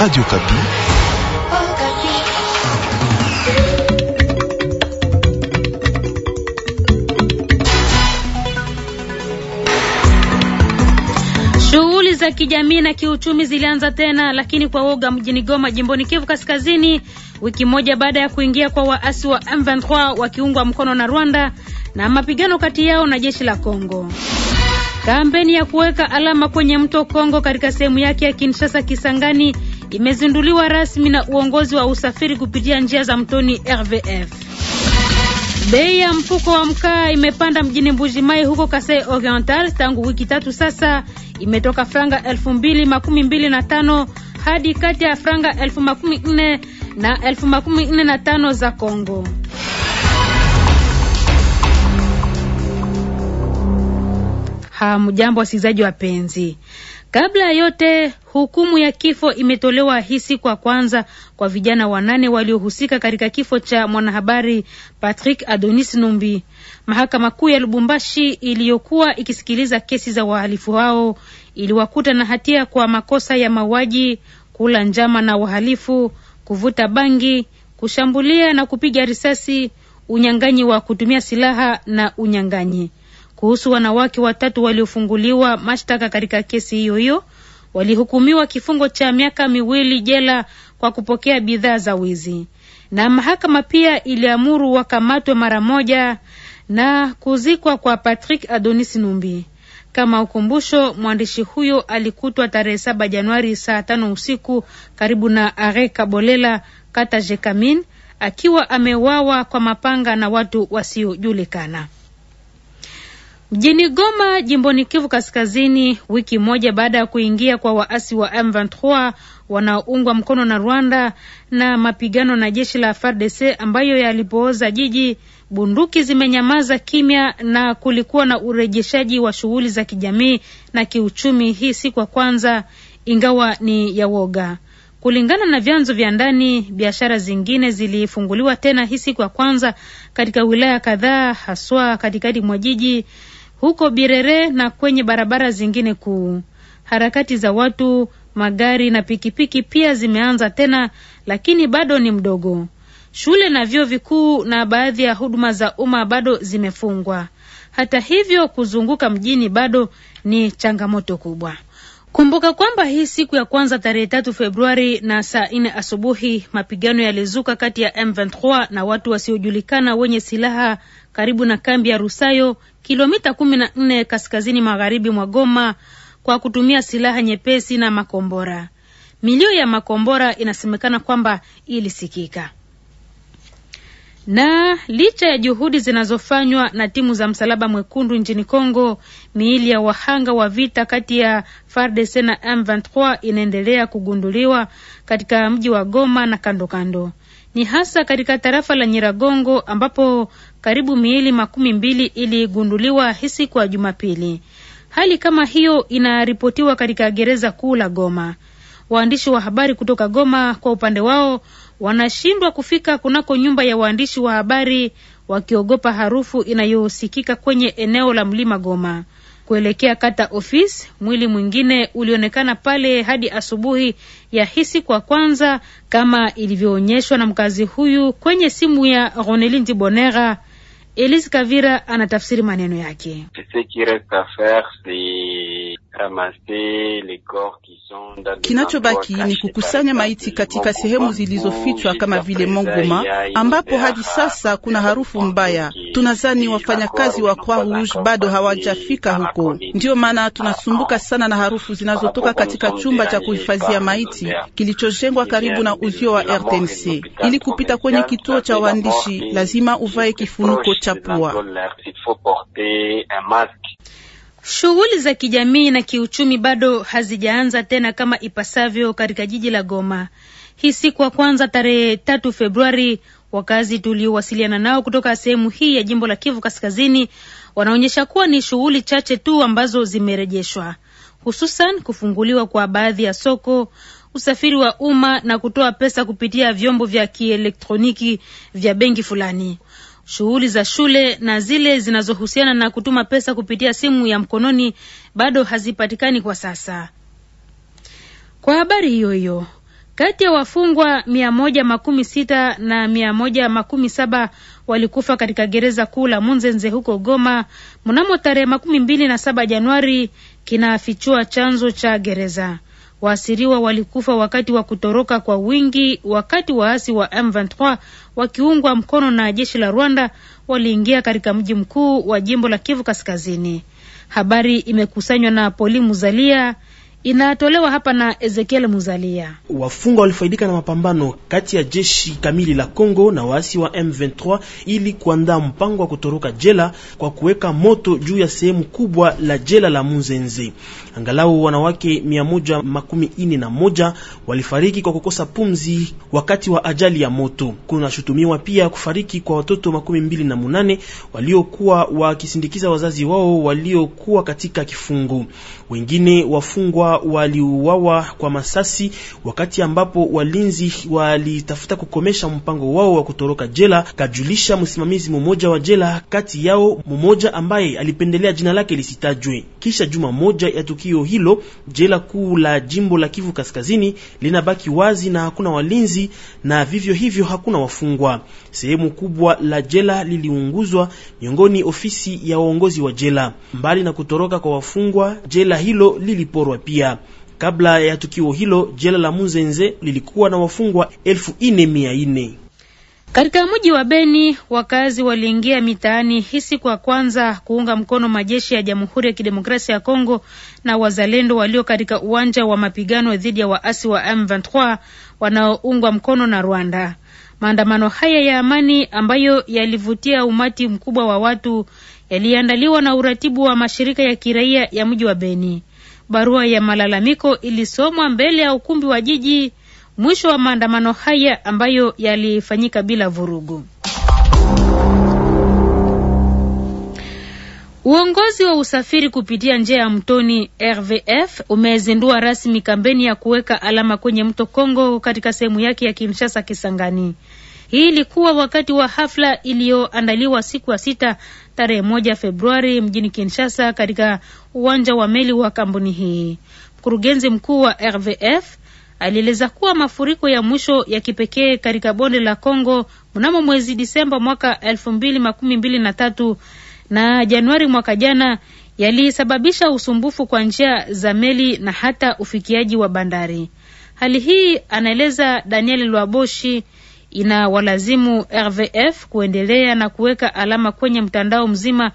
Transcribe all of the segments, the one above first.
Radio Okapi. Shughuli za kijamii na kiuchumi zilianza tena lakini kwa woga mjini Goma jimboni Kivu Kaskazini wiki moja baada ya kuingia kwa waasi wa M23 wakiungwa mkono na Rwanda na mapigano kati yao na jeshi la Kongo. Kampeni ya kuweka alama kwenye mto Kongo katika sehemu yake ya Kinshasa Kisangani imezinduliwa rasmi na uongozi wa usafiri kupitia njia za mtoni RVF. Bei ya mfuko wa mkaa imepanda mjini Mbujimai huko Kasai Oriental tangu wiki tatu sasa, imetoka franga elfu hadi kati ya franga elfu na elfu za Kongo. Hamjambo wasikilizaji wapenzi. Kabla ya yote, hukumu ya kifo imetolewa hii siku ya kwanza kwa vijana wanane waliohusika katika kifo cha mwanahabari Patrick Adonis Numbi. Mahakama Kuu ya Lubumbashi iliyokuwa ikisikiliza kesi za wahalifu hao iliwakuta na hatia kwa makosa ya mauaji, kula njama na uhalifu, kuvuta bangi, kushambulia na kupiga risasi, unyang'anyi wa kutumia silaha na unyang'anyi kuhusu wanawake watatu waliofunguliwa mashtaka katika kesi hiyo hiyo walihukumiwa kifungo cha miaka miwili jela kwa kupokea bidhaa za wizi, na mahakama pia iliamuru wakamatwe mara moja na kuzikwa kwa Patrick Adonis Numbi. Kama ukumbusho, mwandishi huyo alikutwa tarehe saba Januari saa tano usiku karibu na Are Kabolela, kata Jekamin, akiwa amewawa kwa mapanga na watu wasiojulikana. Mjini Goma, jimboni Kivu Kaskazini, wiki moja baada ya kuingia kwa waasi wa M23 wanaoungwa mkono na Rwanda na mapigano na jeshi la FARDC ambayo yalipooza jiji, bunduki zimenyamaza kimya na kulikuwa na urejeshaji wa shughuli za kijamii na kiuchumi, hii si kwa kwanza, ingawa ni ya woga. Kulingana na vyanzo vya ndani, biashara zingine zilifunguliwa tena hii siku ya kwanza katika wilaya kadhaa, haswa katikati mwa jiji huko Birere na kwenye barabara zingine kuu. Harakati za watu, magari na pikipiki pia zimeanza tena, lakini bado ni mdogo. Shule na vyuo vikuu na baadhi ya huduma za umma bado zimefungwa. Hata hivyo, kuzunguka mjini bado ni changamoto kubwa. Kumbuka kwamba hii siku ya kwanza tarehe tatu Februari na saa nne asubuhi mapigano yalizuka kati ya M23 na watu wasiojulikana wenye silaha karibu na kambi ya Rusayo, kilomita 14 kaskazini magharibi mwa Goma, kwa kutumia silaha nyepesi na makombora. Milio ya makombora inasemekana kwamba ilisikika. Na licha ya juhudi zinazofanywa na timu za Msalaba Mwekundu nchini Kongo, miili ya wahanga wa vita kati ya FARDC na M23 inaendelea kugunduliwa katika mji wa Goma na kando kando. Ni hasa katika tarafa la Nyiragongo ambapo karibu miili makumi mbili iligunduliwa hisi kwa Jumapili. Hali kama hiyo inaripotiwa katika gereza kuu la Goma. Waandishi wa habari kutoka Goma kwa upande wao wanashindwa kufika kunako nyumba ya waandishi wa habari wakiogopa harufu inayosikika kwenye eneo la mlima Goma kuelekea kata ofisi. Mwili mwingine ulionekana pale hadi asubuhi ya hisi kwa kwanza, kama ilivyoonyeshwa na mkazi huyu kwenye simu ya Ronelindi Bonera Elise Kavira anatafsiri maneno yake. Kinachobaki ni kukusanya maiti katika sehemu zilizofichwa kama vile Mongoma, ambapo hadi sasa kuna harufu mbaya. tunazani wafanyakazi wa Croix Rouge bado hawajafika huko, ndiyo maana ah, tunasumbuka ah. sana na harufu zinazotoka katika chumba cha kuhifadhia maiti kilichojengwa karibu na uzio wa RTNC. Ili kupita kwenye kituo cha waandishi, lazima uvae kifuniko cha pua. Shughuli za kijamii na kiuchumi bado hazijaanza tena kama ipasavyo katika jiji la Goma. Hii siku ya kwanza tarehe tatu Februari, wakazi tuliowasiliana nao kutoka sehemu hii ya jimbo la Kivu Kaskazini wanaonyesha kuwa ni shughuli chache tu ambazo zimerejeshwa, hususan kufunguliwa kwa baadhi ya soko, usafiri wa umma na kutoa pesa kupitia vyombo vya kielektroniki vya benki fulani. Shughuli za shule na zile zinazohusiana na kutuma pesa kupitia simu ya mkononi bado hazipatikani kwa sasa. Kwa habari hiyo hiyo, kati ya wafungwa mia moja makumi sita na mia moja makumi saba walikufa katika gereza kuu la Munzenze huko Goma mnamo tarehe makumi mbili na saba Januari, kinafichua chanzo cha gereza. Waasiriwa walikufa wakati wa kutoroka kwa wingi, wakati waasi wa M23 wakiungwa mkono na jeshi la Rwanda waliingia katika mji mkuu wa jimbo la Kivu Kaskazini. Habari imekusanywa na Poli Muzalia inatolewa hapa na Ezekiel Muzalia. Wafungwa walifaidika na mapambano kati ya jeshi kamili la Kongo na waasi wa M23 ili kuandaa mpango wa kutoroka jela kwa kuweka moto juu ya sehemu kubwa la jela la Muzenze. Angalau wanawake mia na moja walifariki kwa kukosa pumzi wakati wa ajali ya moto. Kunashutumiwa pia kufariki kwa watoto 28 na munane waliokuwa wakisindikiza wazazi wao waliokuwa katika kifungo. Wengine wafungwa waliuawa kwa masasi wakati ambapo walinzi walitafuta kukomesha mpango wao wa kutoroka jela, kajulisha msimamizi mmoja wa jela, kati yao mmoja ambaye alipendelea jina lake lisitajwe. Kisha juma moja ya tukio hilo, jela kuu la jimbo la Kivu Kaskazini linabaki wazi na hakuna walinzi, na vivyo hivyo hakuna wafungwa. Sehemu kubwa la jela liliunguzwa, miongoni ofisi ya uongozi wa jela. Mbali na kutoroka kwa wafungwa, jela hilo liliporwa pia moja. Kabla ya tukio hilo, jela la Muzenze lilikuwa na wafungwa elfu ine mia Katika mji wa Beni wakazi waliingia mitaani hisi kwa kwanza kuunga mkono majeshi ya Jamhuri ya Kidemokrasia ya Kongo na wazalendo walio katika uwanja wa mapigano dhidi ya waasi wa M23 wanaoungwa mkono na Rwanda. Maandamano haya ya amani ambayo yalivutia umati mkubwa wa watu yaliandaliwa na uratibu wa mashirika ya kiraia ya mji wa Beni. Barua ya malalamiko ilisomwa mbele ya ukumbi wa jiji mwisho wa maandamano haya ambayo yalifanyika bila vurugu. Uongozi wa usafiri kupitia njia ya mtoni RVF umezindua rasmi kampeni ya kuweka alama kwenye mto Kongo katika sehemu yake ya Kinshasa Kisangani. Hii ilikuwa wakati wa hafla iliyoandaliwa siku ya sita tarehe moja Februari mjini Kinshasa katika uwanja wa meli wa kampuni hii. Mkurugenzi mkuu wa RVF alieleza kuwa mafuriko ya mwisho ya kipekee katika bonde la Kongo mnamo mwezi Disemba mwaka elfu mbili makumi mbili na tatu na Januari mwaka jana yalisababisha usumbufu kwa njia za meli na hata ufikiaji wa bandari. Hali hii, anaeleza Daniel Lwaboshi, inawalazimu RVF kuendelea na kuweka alama kwenye mtandao mzima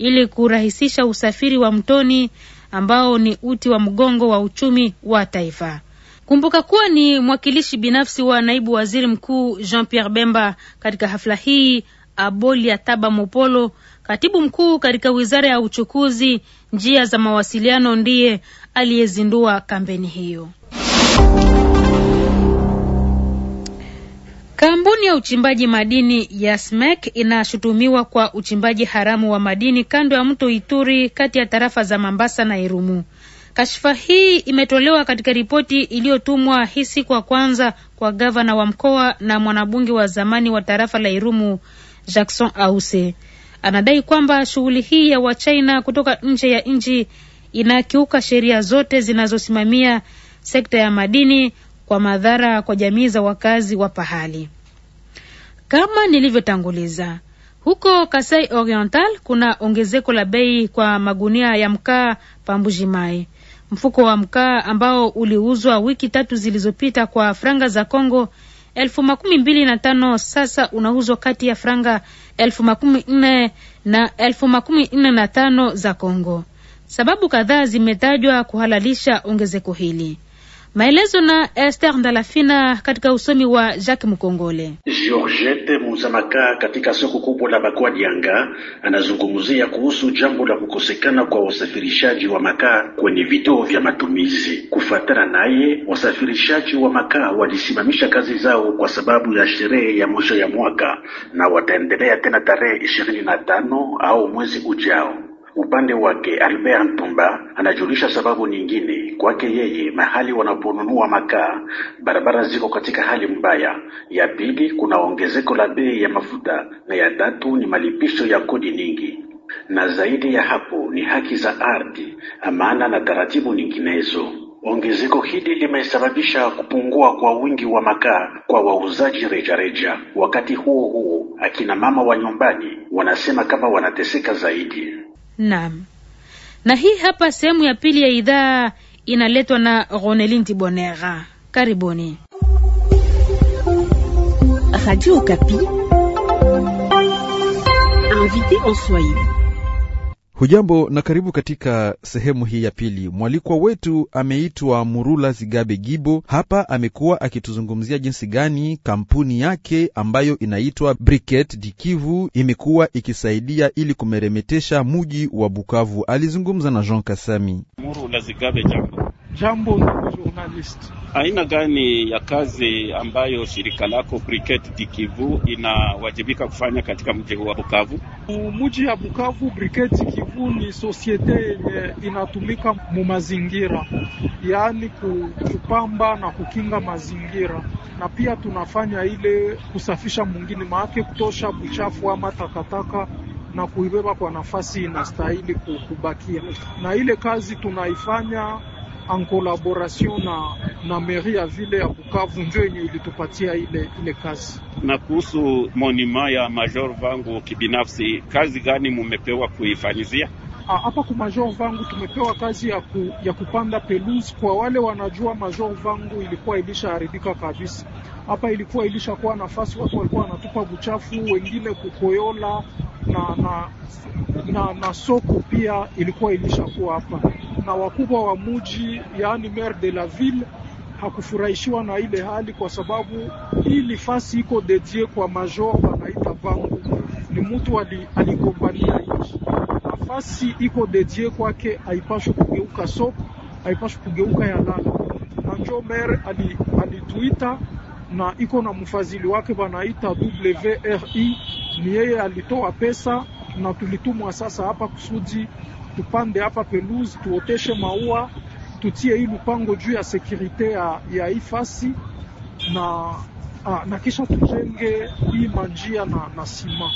ili kurahisisha usafiri wa mtoni ambao ni uti wa mgongo wa uchumi wa taifa. Kumbuka kuwa ni mwakilishi binafsi wa naibu waziri mkuu Jean Pierre Bemba katika hafla hii. Abolia Taba Mopolo, katibu mkuu katika wizara ya uchukuzi, njia za mawasiliano, ndiye aliyezindua kampeni hiyo. Kampuni ya uchimbaji madini ya SMEC inashutumiwa kwa uchimbaji haramu wa madini kando ya mto Ituri kati ya tarafa za Mambasa na Irumu. Kashfa hii imetolewa katika ripoti iliyotumwa hii siku ya kwanza kwa gavana wa mkoa na mwanabunge wa zamani wa tarafa la Irumu Jackson Ause. Anadai kwamba shughuli hii ya Wachina kutoka nje ya nchi inakiuka sheria zote zinazosimamia sekta ya madini kwa madhara kwa jamii za wakazi wa pahali. Kama nilivyotanguliza, huko Kasai Oriental kuna ongezeko la bei kwa magunia ya mkaa Pambujimai. Mfuko wa mkaa ambao uliuzwa wiki tatu zilizopita kwa franga za Congo elfu makumi mbili na tano sasa unauzwa kati ya franga elfu makumi nne na elfu makumi nne na tano za Congo. Sababu kadhaa zimetajwa kuhalalisha ongezeko hili. Maelezo na Esther Ndalafina katika usomi wa Jacques Mukongole. Georgette Muzamaka katika soko kubwa la Dianga anazungumzia kuhusu jambo la kukosekana kwa wasafirishaji wa makaa kwenye vituo vya matumizi. Kufuatana naye, wasafirishaji wa makaa walisimamisha kazi zao kwa sababu ya sherehe ya mwisho ya mwaka na wataendelea tena tarehe ishirini na tano au mwezi ujao. Upande wake Albert Ntumba anajulisha sababu nyingine kwake yeye, mahali wanaponunua makaa barabara ziko katika hali mbaya. Ya pili kuna ongezeko la bei ya mafuta, na ya tatu ni malipisho ya kodi nyingi, na zaidi ya hapo ni haki za ardhi, amana na taratibu nyinginezo. Ongezeko hili limesababisha kupungua kwa wingi wa makaa kwa wauzaji rejareja. Wakati huo huo, akina mama wa nyumbani wanasema kama wanateseka zaidi. Naam, na hii hapa sehemu ya pili ya idhaa inaletwa na Ronelin Tibonera. Karibuni Radio Okapi, invité en Swahili. Hujambo na karibu katika sehemu hii ya pili. Mwalikwa wetu ameitwa Murula Zigabe Gibo. Hapa amekuwa akituzungumzia jinsi gani kampuni yake ambayo inaitwa Briket Dikivu imekuwa ikisaidia ili kumeremetesha muji wa Bukavu. Alizungumza na Jean Kasami. Murula Zigabe, jambo. Jambo, ndugu journalist, aina gani ya kazi ambayo shirika lako Briket Dikivu inawajibika kufanya katika mji wa Bukavu? Mji ya Bukavu, Briket Kivu ni sosiete yenye inatumika mu mazingira, yaani kupamba na kukinga mazingira, na pia tunafanya ile kusafisha mwingine maake kutosha buchafu ama takataka na kuibeba kwa nafasi inastahili kubakia, na ile kazi tunaifanya en collaboration na, na meri ya vile ya Bukavu njo yenye ilitupatia ile, ile kazi. Na kuhusu monima ya major vangu kibinafsi, kazi gani mumepewa kuifanyizia? Ah, hapa ku major vangu tumepewa kazi ya, ku, ya kupanda peluse Kwa wale wanajua major vangu ilikuwa ilishaharibika kabisa, hapa ilikuwa ilishakuwa nafasi, watu walikuwa wanatupa buchafu, wengine kukoyola na, na, na, na soko pia ilikuwa ilishakuwa hapa, na wakubwa wa muji, yaani maire de la ville hakufurahishiwa na ile hali, kwa sababu hii nafasi iko dedie kwa major wanaita Bangu, ni mtu aligombania nchi. Nafasi iko dedie kwake, haipashwi kugeuka soko, haipashwi kugeuka yalala na njo maire alituita ali na iko na mfadhili wake banaita WRI, ni yeye alitoa pesa na tulitumwa sasa hapa kusudi tupande hapa peluzi, tuoteshe maua, tutie hii lupango juu ya sekurite ya, ya ifasi na, a, ah, na kisha tujenge hii manjia na, na sima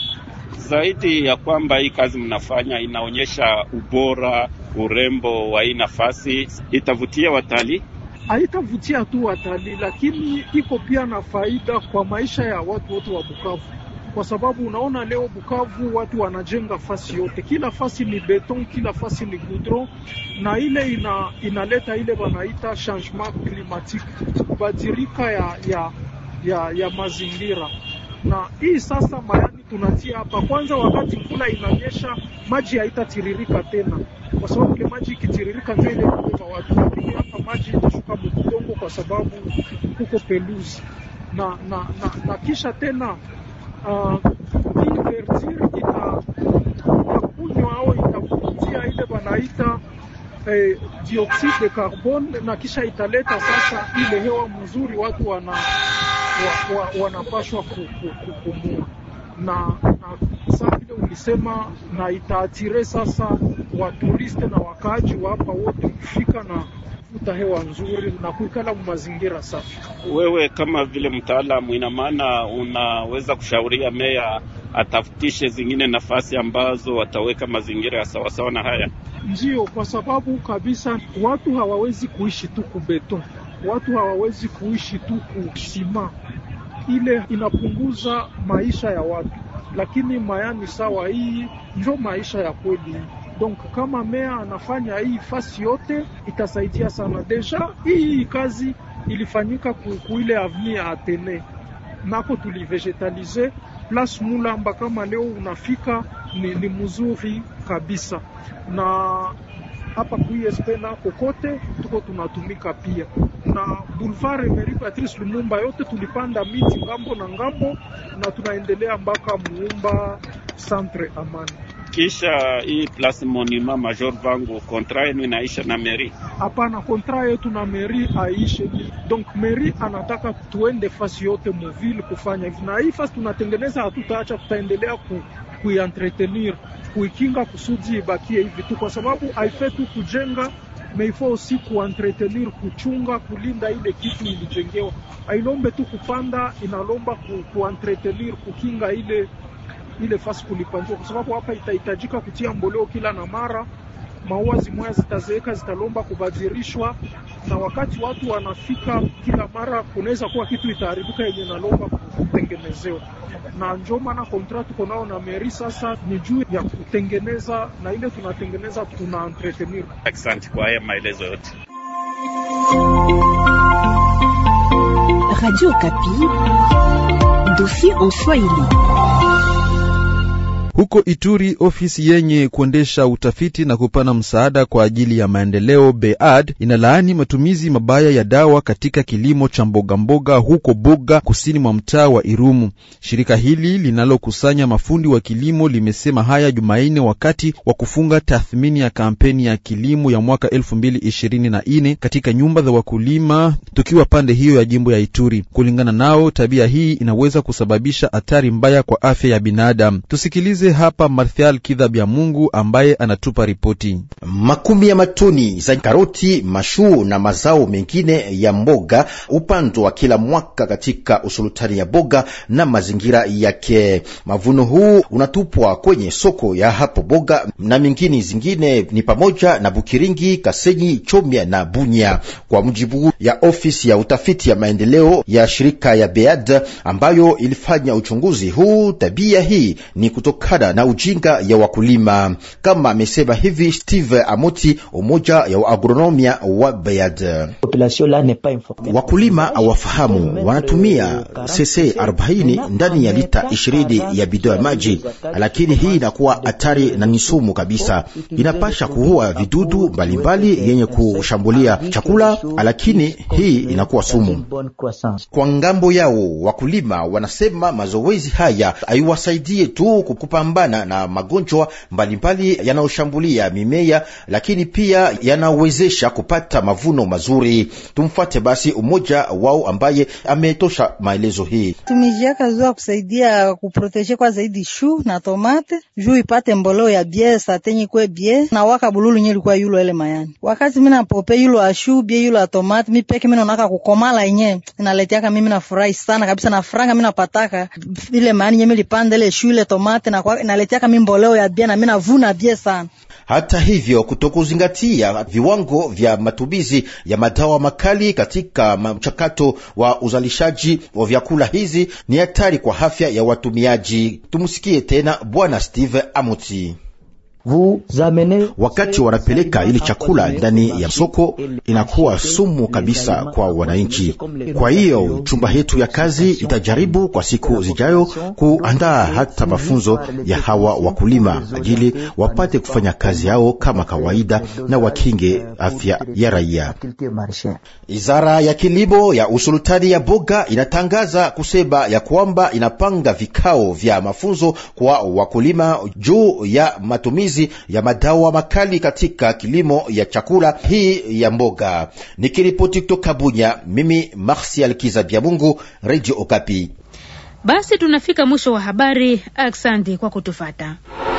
zaidi ya kwamba hii kazi mnafanya inaonyesha ubora urembo wa hii nafasi, itavutia watalii haitavutia tu watalii, lakini iko pia na faida kwa maisha ya watu wote wa Bukavu, kwa sababu unaona leo Bukavu watu wanajenga fasi yote, kila fasi ni beton, kila fasi ni goudron, na ile ina, inaleta ile wanaita changement climatique, kubadilika ya, ya, ya, ya mazingira na hii sasa mayani tunatia hapa kwanza, wakati mvula inanyesha maji haitatiririka tena, kwa sababu ile maji ikitiririka ndio ile kwa watu hapa, maji itashuka mudongo kwa sababu kuko peluzi na, na, na, na kisha tena uh, hii verdure ita itakunywa au itakutia ile wanaita eh, dioxide de carbone na kisha italeta sasa ile hewa mzuri watu wana wa, wa, wanapashwa kupumua na, na saa vile ulisema, na itaatire sasa waturiste na wakaaji wa hapa wote kufika na kuvuta hewa nzuri na kuikala mazingira safi. Wewe kama vile mtaalamu, ina maana unaweza kushauria meya atafutishe zingine nafasi ambazo wataweka mazingira ya sawasawa na haya? ndio kwa sababu kabisa watu hawawezi kuishi tu kubeton Watu hawawezi kuishi tu kusima, ile inapunguza maisha ya watu, lakini mayani sawa, hii njo maisha ya kweli. Donc kama mea anafanya hii fasi yote itasaidia sana. Deja hii kazi ilifanyika kuile avni ya Atene nako tulivegetalize plas Mulamba, kama leo unafika ni, ni mzuri kabisa na hapa ISP na kokote tuko tunatumika pia na Boulevard Emery Patrice Lumumba, yote tulipanda miti ngambo na ngambo, na tunaendelea mpaka Muumba Centre Amani. Kisha hii place monument major vangu, kontra yenu inaisha na meri? Hapana, kontra yetu na meri aishe. Donc meri anataka tuende fasi yote muvili kufanya hivi, na hii fasi tunatengeneza, hatutaacha, tutaendelea ku kuientretenir kuikinga kusudi ibakie hivi tu, kwa sababu haife tu kujenga meifo aussi kuentretenir, kuchunga, kulinda ile kitu ilijengewa. Ailombe tu kupanda, inalomba kuentretenir, kukinga ile ile fasi kulipanjua, kwa sababu hapa itahitajika kutia mboleo kila na mara. Maua zimoya zitazeeka, zitalomba kubadilishwa, na wakati watu wanafika kila mara kunaweza kuwa kitu itaharibika yenye nalomba kutengenezewa, na ndio maana kontrat tuko nao na meri sasa ni juu ya kutengeneza, na ile tunatengeneza tuna entretenir. Asante kwa haya maelezo yote. Radio Kapi, dossier en Swahili. Huko Ituri, ofisi yenye kuendesha utafiti na kupana msaada kwa ajili ya maendeleo BEAD inalaani matumizi mabaya ya dawa katika kilimo cha mbogamboga huko Boga, kusini mwa mtaa wa Irumu. Shirika hili linalokusanya mafundi wa kilimo limesema haya Jumanne wakati wa kufunga tathmini ya kampeni ya kilimo ya mwaka 2024 katika nyumba za wakulima, tukiwa pande hiyo ya jimbo ya Ituri. Kulingana nao, tabia hii inaweza kusababisha athari mbaya kwa afya ya binadamu. Tusikilize Tusikilize hapa marthial Kidha Bya Mungu ambaye anatupa ripoti. Makumi ya matoni za karoti, mashuu na mazao mengine ya mboga upandwa kila mwaka katika usulutani ya boga na mazingira yake. Mavuno huu unatupwa kwenye soko ya hapo boga na mingine zingine ni pamoja na Bukiringi, Kasenyi, Chomya na Bunya, kwa mujibu ya ofisi ya utafiti ya maendeleo ya shirika ya Bead ambayo ilifanya uchunguzi huu. Tabia hii ni kutoka jitihada na ujinga ya wakulima, kama amesema hivi Steve Amoti, umoja ya agronomia wa Bayad. Wakulima hawafahamu wanatumia cc 40 ndani ya lita ishirini ya bidhaa ya maji, lakini hii inakuwa hatari na ni sumu kabisa, inapasha kuua vidudu mbalimbali yenye kushambulia chakula, lakini hii inakuwa sumu kwa ngambo yao. Wakulima wanasema mazoezi haya haiwasaidie tu kukupa kupambana na magonjwa mbalimbali yanayoshambulia mimea, lakini pia yanawezesha kupata mavuno mazuri. Tumfuate basi umoja wao ambaye ametosha maelezo hii. Tumijiaka zua kusaidia kuproteje kwa zaidi shu na tomate juu ipate mboleo ya bie satenyi kwe bie na waka bululu nye likuwa yulo ele mayani wakati mina pope yulo ashu bie yulo ya tomate mi peke mina unaka kukomala inye inaletiaka mimi na furahi sana kabisa na franga mina pataka ile mayani nye milipanda ile shu ile tomate na kwa ambayo inaleteaka mi mboleo ya bie na mi navuna bia sana. Hata hivyo kutokuzingatia viwango vya matumizi ya madawa makali katika mchakato wa uzalishaji wa vyakula hizi ni hatari kwa afya ya watumiaji. Tumsikie tena Bwana Steve Amuti. Wakati wanapeleka ili chakula ndani ya soko, inakuwa sumu kabisa kwa wananchi. Kwa hiyo chumba yetu ya kazi itajaribu kwa siku zijayo kuandaa hata mafunzo ya hawa wakulima, ajili wapate kufanya kazi yao kama kawaida na wakinge euh, afya ya raia. Wizara ya kilimo ya usultani ya Boga inatangaza kusema ya kwamba inapanga vikao vya mafunzo kwa wakulima juu ya matumizi matumizi ya madawa makali katika kilimo ya chakula hii ya mboga. Nikiripoti kutoka Bunya, mimi Marsial vya Mungu, Radio Okapi. Basi tunafika mwisho wa habari. Aksandi kwa kutufata.